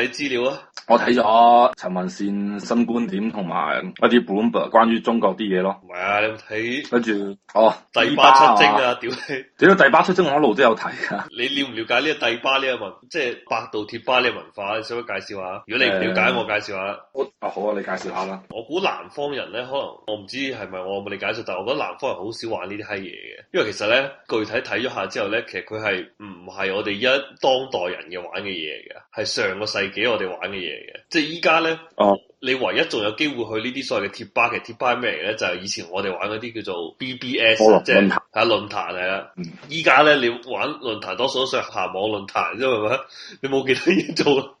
睇治療啊！我睇咗陳文善新觀點同埋一啲 b o o 關於中國啲嘢咯，唔係啊？你睇？跟住哦，帝吧出征啊！屌麼，屌帝吧出征我一路都有睇。你了唔了解呢個帝吧呢個文？即係百度貼吧呢個文化，你想唔想介紹下？如果你唔了解我，我，嗯，介紹下。啊好，好啊，你介紹下啦。我估南方人咧，可能我唔知係咪我冇你介紹，但係我覺得南方人好少玩呢啲閪嘢嘅，因為其實咧，具體睇咗下之後咧，其實佢係唔係我哋一當代人嘅玩嘅嘢嘅，係上個世紀我哋玩嘅嘢。即係依家咧，oh. 你唯一仲有機會去呢啲所謂嘅貼吧，其實貼吧係咩嚟咧？就係、是、以前我哋玩嗰啲叫做 BBS，、oh, 即係論壇係啊，論壇嚟啊。依家咧，你玩論壇，多數都上下網論壇，啫，係咪？你冇其他嘢做。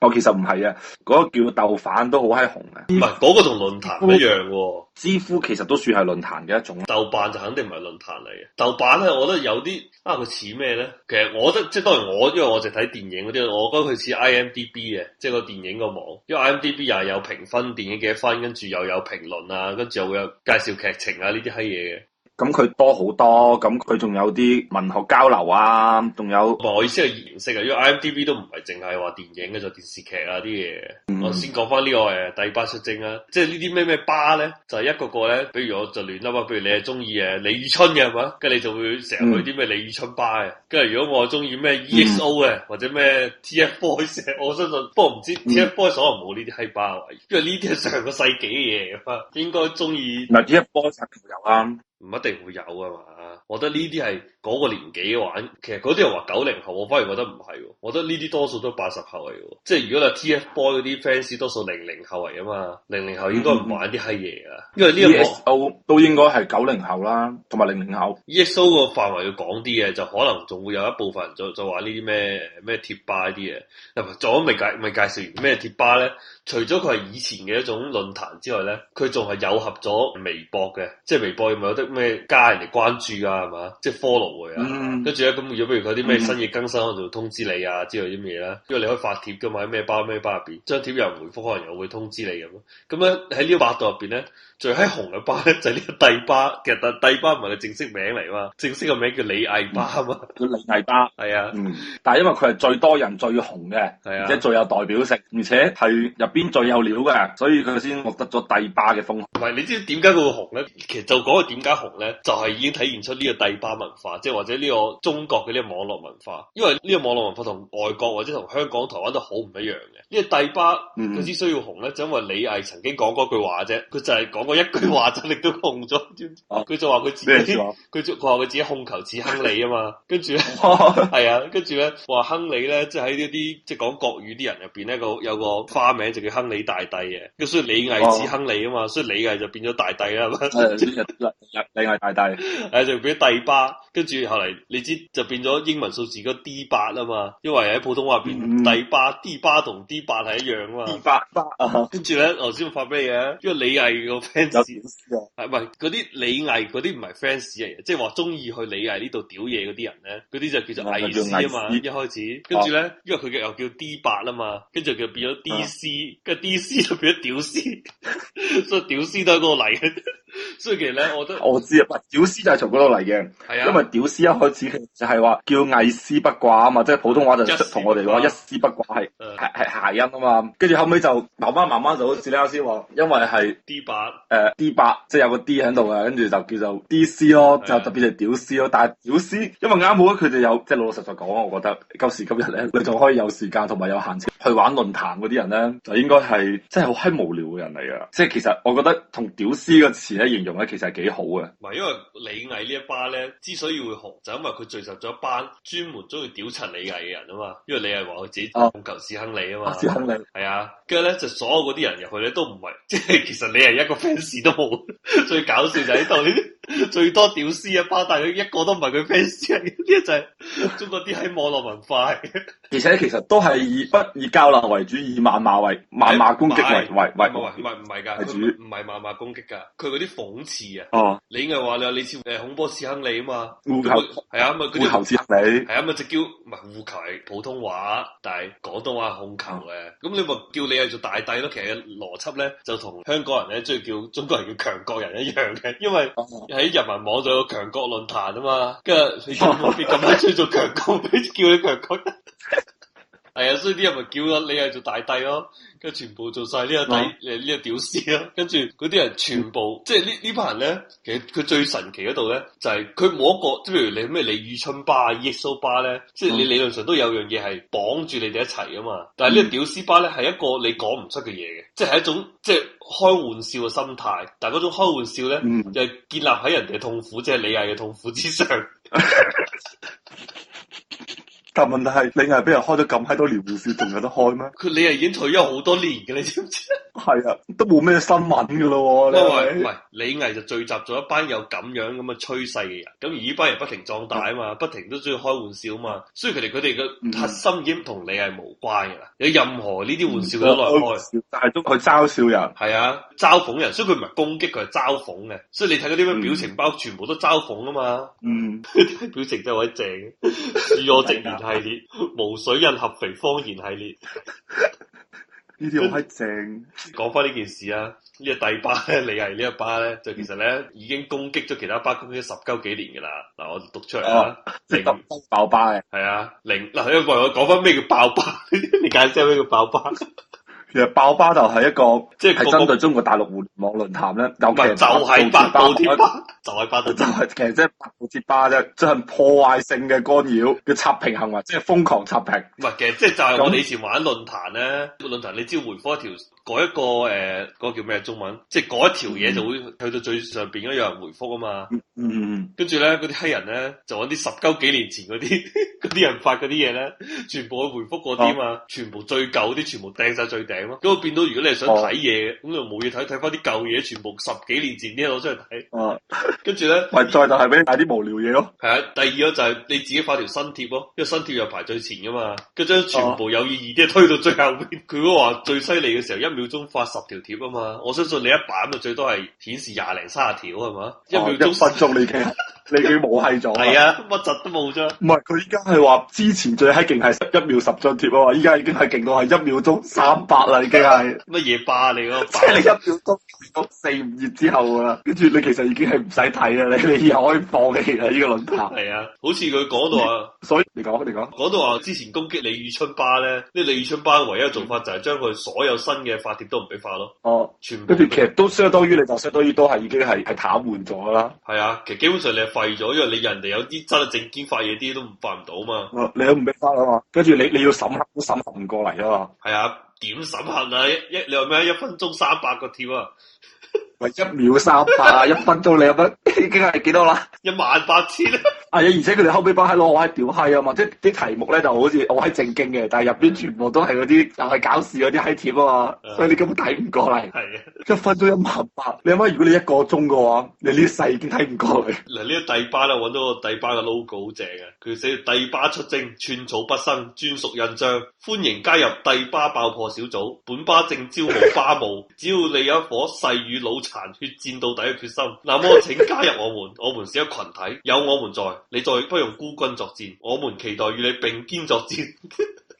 我、哦、其實唔係啊，嗰、嗰個叫豆瓣都好嗨紅啊。唔係嗰個同論壇一樣喎。知乎其實都算係論壇嘅一種。豆瓣就肯定唔係論壇嚟嘅。豆瓣咧、啊，我覺得有啲啊，佢似咩咧？其實我覺得即係當然，我因為我淨係睇電影嗰啲，我覺得佢似 IMDB 嘅，即係個電影個網。因為 IMDB 又有評分，電影嘅分，跟住又有評論啊，跟住又有介紹劇情啊呢啲閪嘢嘅。咁佢多好多，咁佢仲有啲文學交流啊，仲有、嗯。我意思係形式啊，因為 IMDb 都唔係淨係話電影嘅，就電視劇啊啲嘢。我先講翻呢個誒，帝吧出征啊，即係呢啲咩咩吧咧，就係、一個個咧。比如我就亂啦，譬如你係中意誒李宇春嘅係嘛，跟住你就會成日去啲咩李宇春吧嘅。跟住如果我中意咩 EXO 嘅或者咩 TFBOYS，我相信，不過唔知 TFBOYS 可能冇呢啲閪巴啊，因為呢啲係上個世紀嘅嘢，應該中意。唔 TFBOYS 有啊。 唔一定會有啊嘛，我覺得呢啲係嗰個年紀玩，其實嗰啲人話九零後，我反而覺得唔係，我覺得呢啲多數都八十後嚟。即係如果係 T F Boy 嗰啲 fans，多數零零後嚟啊嘛，零零後應該唔玩啲閪嘢啊，因為呢一個 E X O 都、嗯、應該係九零後啦，同埋零零後 E X O 個範圍要廣啲嘅，就可能仲會有一部分就就話呢啲咩咩貼吧啲嘢。嗱，咁未介咪介紹完咩貼吧咧，除咗佢係以前嘅一種論壇之外咧，佢仲係融合咗微博嘅，即係微博有咪有得。咩加人哋關注啊，係嘛？即、就、係、是、follow 佢啊。跟住咧，咁、hmm. 如果不如佢啲咩新嘢更新，我仲、mm hmm. 通知你啊，之類啲咩啦。因為你可以發帖噶嘛，咩吧咩吧入邊，張貼又唔回覆，可能又會通知你咁咁樣喺呢個百度入邊咧，最喺紅嘅吧咧就呢、是、個帝吧。其實帝吧唔係佢正式名嚟嘛，正式個名叫李毅吧，個、嗯、李毅吧，係啊。嗯、但係因為佢係最多人最紅嘅，即、啊、且最有代表性，而且係入邊最有料嘅，所以佢先獲得咗帝吧嘅封號。唔係，你知點解佢會紅咧？其實就講係點解。紅咧就係已經體現出呢個帝吧文化，即係或者呢個中國嘅呢個網絡文化，因為呢個網絡文化同外國或者同香港、台灣都好唔一樣嘅。呢個帝吧佢之所以要紅咧，就因為李毅曾經講嗰句話啫，佢就係講過一句話就令到紅咗。佢就話佢自己，佢就話佢自己控球似亨利啊嘛。跟住咧，係啊，跟住咧話亨利咧，即係喺呢啲即係講國語啲人入邊咧，個有個花名就叫亨利大帝嘅。咁所以李毅似亨利啊嘛，所以李毅就變咗大帝啦。李毅大帝 就變咗帝吧，跟住後嚟你知就變咗英文數字嗰 D 八啊嘛，因為喺普通話變帝吧 D 八同 D 八係一樣啊嘛。D 八八啊，跟住咧我先發咩嘢？因為李毅個 fans 啊，唔係嗰啲李毅嗰啲唔係 fans 嚟，嘅，即係話中意去李毅呢度屌嘢嗰啲人咧，嗰啲就叫做藝師啊嘛。嗯、一開始，跟住咧，啊、因為佢嘅又叫 D 八啊嘛，跟住佢變咗 D C，個 D C 就變咗、啊、屌絲， 所以屌絲都係我嚟嘅。所以其實咧，我都我知啊，屌絲就係從嗰度嚟嘅，因為屌絲一開始就係話叫毅絲不掛啊嘛，即係普通話就同我哋講一絲不掛係係係諧音啊嘛，跟住後尾就慢慢慢慢就好似呢家先話，因為係 D 八誒 D 八即係有個 D 喺度啊，跟住就叫做 D 絲咯，就特別係屌絲咯。但係屌絲因為啱好佢哋有即係老老實實講，我覺得今時今日咧，佢仲可以有時間同埋有閒錢去玩論壇嗰啲人咧，就應該係真係好閪無聊嘅人嚟噶。即係其實我覺得同屌絲個詞咧形容。其實係幾好嘅，唔係因為李毅呢一班咧，之所以會紅就因為佢聚集咗一班專門中意屌柒李毅嘅人啊嘛。因為李毅話佢自己碰球屎亨利啊嘛，屎坑李係啊，跟住咧就所有嗰啲人入去咧都唔係，即係其實你係一個 fans 都冇。最搞笑就喺度，最多屌絲一班，但係佢一個都唔係佢 fans 嚟嘅。呢啲就係中國啲喺網絡文化，而且其實都係以不以交流為主，以謾罵為謾罵攻擊為為為。唔係唔係㗎，唔係謾罵攻擊㗎，佢嗰啲刺、哦、啊！哦，你應該話你話你似誒，恐波刺亨利啊嘛，護係啊，咪護球刺亨利係啊，咪就叫唔係護球普通話，但係廣東話恐球誒，咁你咪叫你係做大帝咯。其實邏輯咧就同香港人咧中意叫中國人叫強國人一樣嘅，因為喺人民網就有強國論壇啊嘛，跟住你咁你咁樣中意做強國，叫你強國。嗯 係啊、 哎，所以啲人咪叫咗李毅做大帝咯，跟住全部做晒呢個底，誒呢、啊、個屌絲咯，跟住嗰啲人全部，嗯、即係呢呢班人咧，其實佢最神奇嗰度咧，就係佢冇一個，即係譬如你咩李宇春巴、耶穌巴咧，即係你理論上都有樣嘢係綁住你哋一齊啊嘛，但係呢個屌絲巴咧係一個你講唔出嘅嘢嘅，即係一種即係開玩笑嘅心態，但係嗰種開玩笑咧、嗯，就係建立喺人哋嘅痛苦，即係李毅嘅痛苦之上。 但問題係，你係俾人開咗咁閪多年護士還，仲有得開咩？佢你係已經退休好多年嘅，你知唔知？ 係啊，都冇咩新聞噶咯。因為唔係，李毅就聚集咗一班有咁樣咁嘅趨勢嘅人。咁而呢班人不停壯大啊嘛，不停都中意開玩笑啊嘛。所以佢哋佢哋嘅核心已經同李毅無關噶啦。有任何呢啲玩笑嘅內幕，但係都去嘲笑人。係啊，嘲諷人。所以佢唔係攻擊，佢係嘲諷嘅。所以你睇嗰啲咩表情包，全部都嘲諷啊嘛。嗯，表情真係好正。恕我直言系列，無水印合肥方言系列。呢啲好正。講翻呢件事啊，呢、這個第巴咧，你係呢一巴咧，就其實咧已經攻擊咗其他巴，攻擊十鳩幾年嘅啦。嗱，我就讀出嚟啦，啊、零即爆巴嘅，係啊，零嗱，呢個我講翻咩叫爆巴？ 你解釋咩叫爆巴？ 其實爆吧就係一個即、那個，即係針對中國大陸互聯網論壇咧，其是就其實就係百度貼吧，就係百度，就係其實即係百度貼吧咧，進行破壞性嘅干擾嘅刷屏行為，即係瘋狂刷屏，唔係嘅，即係就係我哋以前玩論壇咧，個論壇你只要回復一條。改一個誒，呃那個、叫咩中文？即係改一條嘢就會去到最上邊有人回覆啊嘛嗯。嗯，跟住咧，嗰啲黑人咧，就揾啲十鳩幾年前嗰啲啲人發嗰啲嘢咧，全部去回覆嗰啲嘛，哦、全部最舊啲，全部掟晒最頂咯。咁、嗯、變到如果你係想睇嘢，咁、哦、就冇嘢睇，睇翻啲舊嘢，全部十幾年前啲嘢攞出嚟睇。哦， 跟住咧，唔 再就係俾你睇啲無聊嘢咯。係啊，第二個就係你自己發條新貼咯，因為新貼又排最前噶嘛，佢將全部有意義啲推到最後邊。佢如果話最犀利嘅時候一秒鐘發十條帖啊嘛，我相信你一版就最多係顯示廿零卅條係嘛？哦、一秒鐘一分你嘅。 你佢冇閪咗，係啊，乜柒都冇啫。唔係佢依家係話之前最閪勁係十一秒十張貼啊嘛，依家已經係勁到係一秒鐘三百啦已經係。乜嘢霸嚟咯？即係你一 秒鐘發咗四五頁之後啊，跟住你其實已經係唔使睇啊，你你又可以放棄啦呢個論壇。係啊，好似佢講到話，所以你講你講講到話之前攻擊李宇春吧咧，啲李宇春吧唯一嘅做法就係將佢所有新嘅發帖都唔俾發咯。哦，全部跟住其實都相當於你就相當於都係已經係係癱瘓咗啦。係啊，其實基本上你廢咗，因為你人哋有啲真係正經發嘢，啲都唔發唔到嘛。你都唔俾發啊嘛。跟住你你要審核都審核唔過嚟啊嘛。係啊，點審核啊？一兩咩？一分鐘三百個貼啊？咪 一秒三百，一分鐘你有得已經係幾多啦？一萬八千，啊。 係啊，而且佢哋後尾班喺攞我喺屌閪啊嘛，即係啲題目咧就好似我喺正經嘅，但係入邊全部都係嗰啲又係搞事嗰啲閪帖啊嘛，所以你根本睇唔過嚟。係啊的，一分鐘一萬八，你諗下如果你一個鐘嘅話，你、這個、呢世已經睇唔過嚟。嗱呢個帝吧啊，揾到個帝吧嘅 logo 好正嘅，佢寫：帝吧出征，寸草不生，專屬印章，歡迎加入帝吧爆破小組。本吧正招募吧務， 只要你有一顆誓與腦殘血戰到底嘅決心，那麼請加入我們。我們，我們是一群羣體，有我們在。你再不用孤軍作戰，我們期待與你並肩作戰。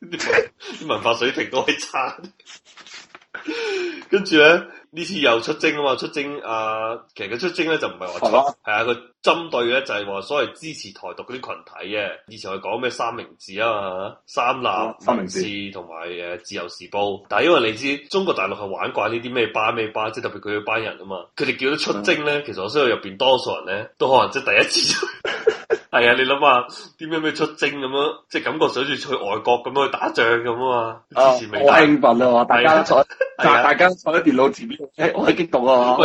啲 文化水平都係差啲， 跟住呢。呢次又出征啊嘛，出征啊，其實佢出征咧就唔係話，係啊，佢、啊、針對咧就係話所謂支持台獨嗰啲群體嘅。以前佢講咩三明治啊嘛、啊，三立、啊、三明治同埋誒自由時報。但係因為你知中國大陸係玩慣呢啲咩班咩班，即係特別佢嘅班人啊嘛，佢哋叫咗出征咧，啊、其實我相信入邊多數人咧都可能即係第一次出。 係啊，你諗下，啲咩咩出征咁樣，即係感覺上好似去外國咁樣去打仗咁啊嘛，我興奮啊！大家坐，大家坐喺電腦前面，的欸、我喺激動啊！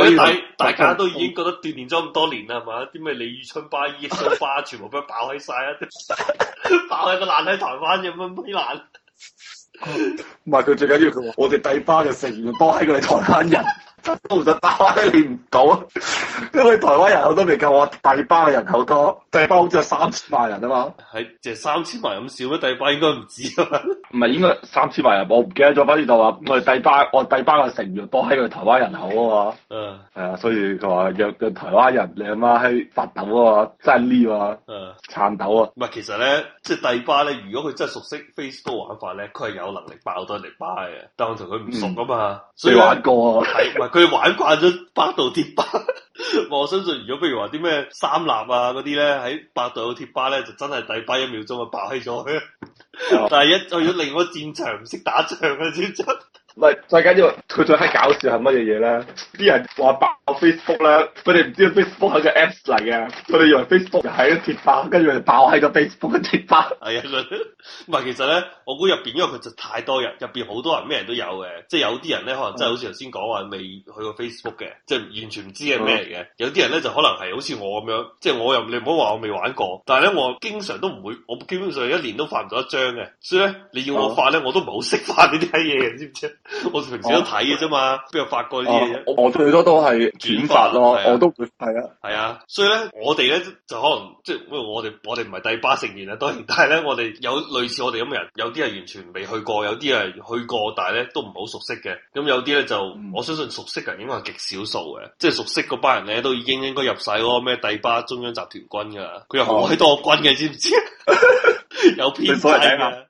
大家都已經覺得鍛煉咗咁多年啦，係嘛？啲咩李宇春、巴依巴巴、蘇花， 全部都爆喺晒啊！爆喺個爛喺台灣，有乜咩爛？唔係佢最緊要佢話，我哋帝吧嘅成員多喺佢哋台灣人。都唔想打你唔到啊！因為台灣人口都未夠我帝吧嘅人口多，帝吧好似三千萬人啊嘛。係，淨係三千萬咁少咩？帝吧應該唔止啊。唔係應該三千萬人，我唔記得咗。反正就話我哋帝吧，我帝吧嘅成員多喺佢台灣人口啊嘛。嗯。係啊，所以佢話約個台灣人，你阿媽喺發抖啊嘛，真係叻啊嘛。嗯、uh, 到。顫抖啊。唔係，其實咧，即係帝吧咧，如果佢真係熟悉 Facebook 玩法咧，佢係有能力爆多啲巴嘅。但係我同佢唔熟㗎嘛，未、嗯、以玩過啊。係。 佢玩慣咗百度貼吧， 我相信，如果譬如話啲咩三立啊嗰啲咧，喺百度貼吧咧就真係第一一秒鐘就爆起咗嘅， 但係一去咗另一個戰場唔識打仗嘅，點做？唔係，再簡單佢最閪搞笑係乜嘢嘢咧？啲人話爆 Facebook 咧，佢哋唔知道 Facebook 係個 Apps 嚟嘅，佢哋以為 Facebook 又係個貼吧，跟住嚟爆喺個 Facebook 嘅貼吧。係啊，佢唔係其實咧，我估入邊因為佢就太多人，入邊好多人咩人都有嘅，即係有啲人咧可能真係好似頭先講話未去過 Facebook 嘅，即係完全唔知係咩嚟嘅。嗯、有啲人咧就可能係好似我咁樣，即係我又你唔好話我未玩過，但係咧我經常都唔會，我基本上一年都發唔到一張嘅。所以咧你要我發咧，哦、我都唔係好識發呢啲閪嘢，知唔知？我哋平時都睇嘅啫嘛，邊有發過啲嘢？我最多都係轉發咯，我都係啊，係啊。所以咧，我哋咧就可能即係，因為我哋我哋唔係帝吧成員啊。當然，但係咧，我哋有類似我哋咁嘅人，有啲係完全未去過，有啲係去過，但係咧都唔好熟悉嘅。咁有啲咧就我相信熟悉人應該係極少數嘅，即係熟悉嗰班人咧都已經應該入晒嗰個咩帝吧中央集團軍噶啦。佢又開好多個軍嘅，知唔知？ 有偏才派。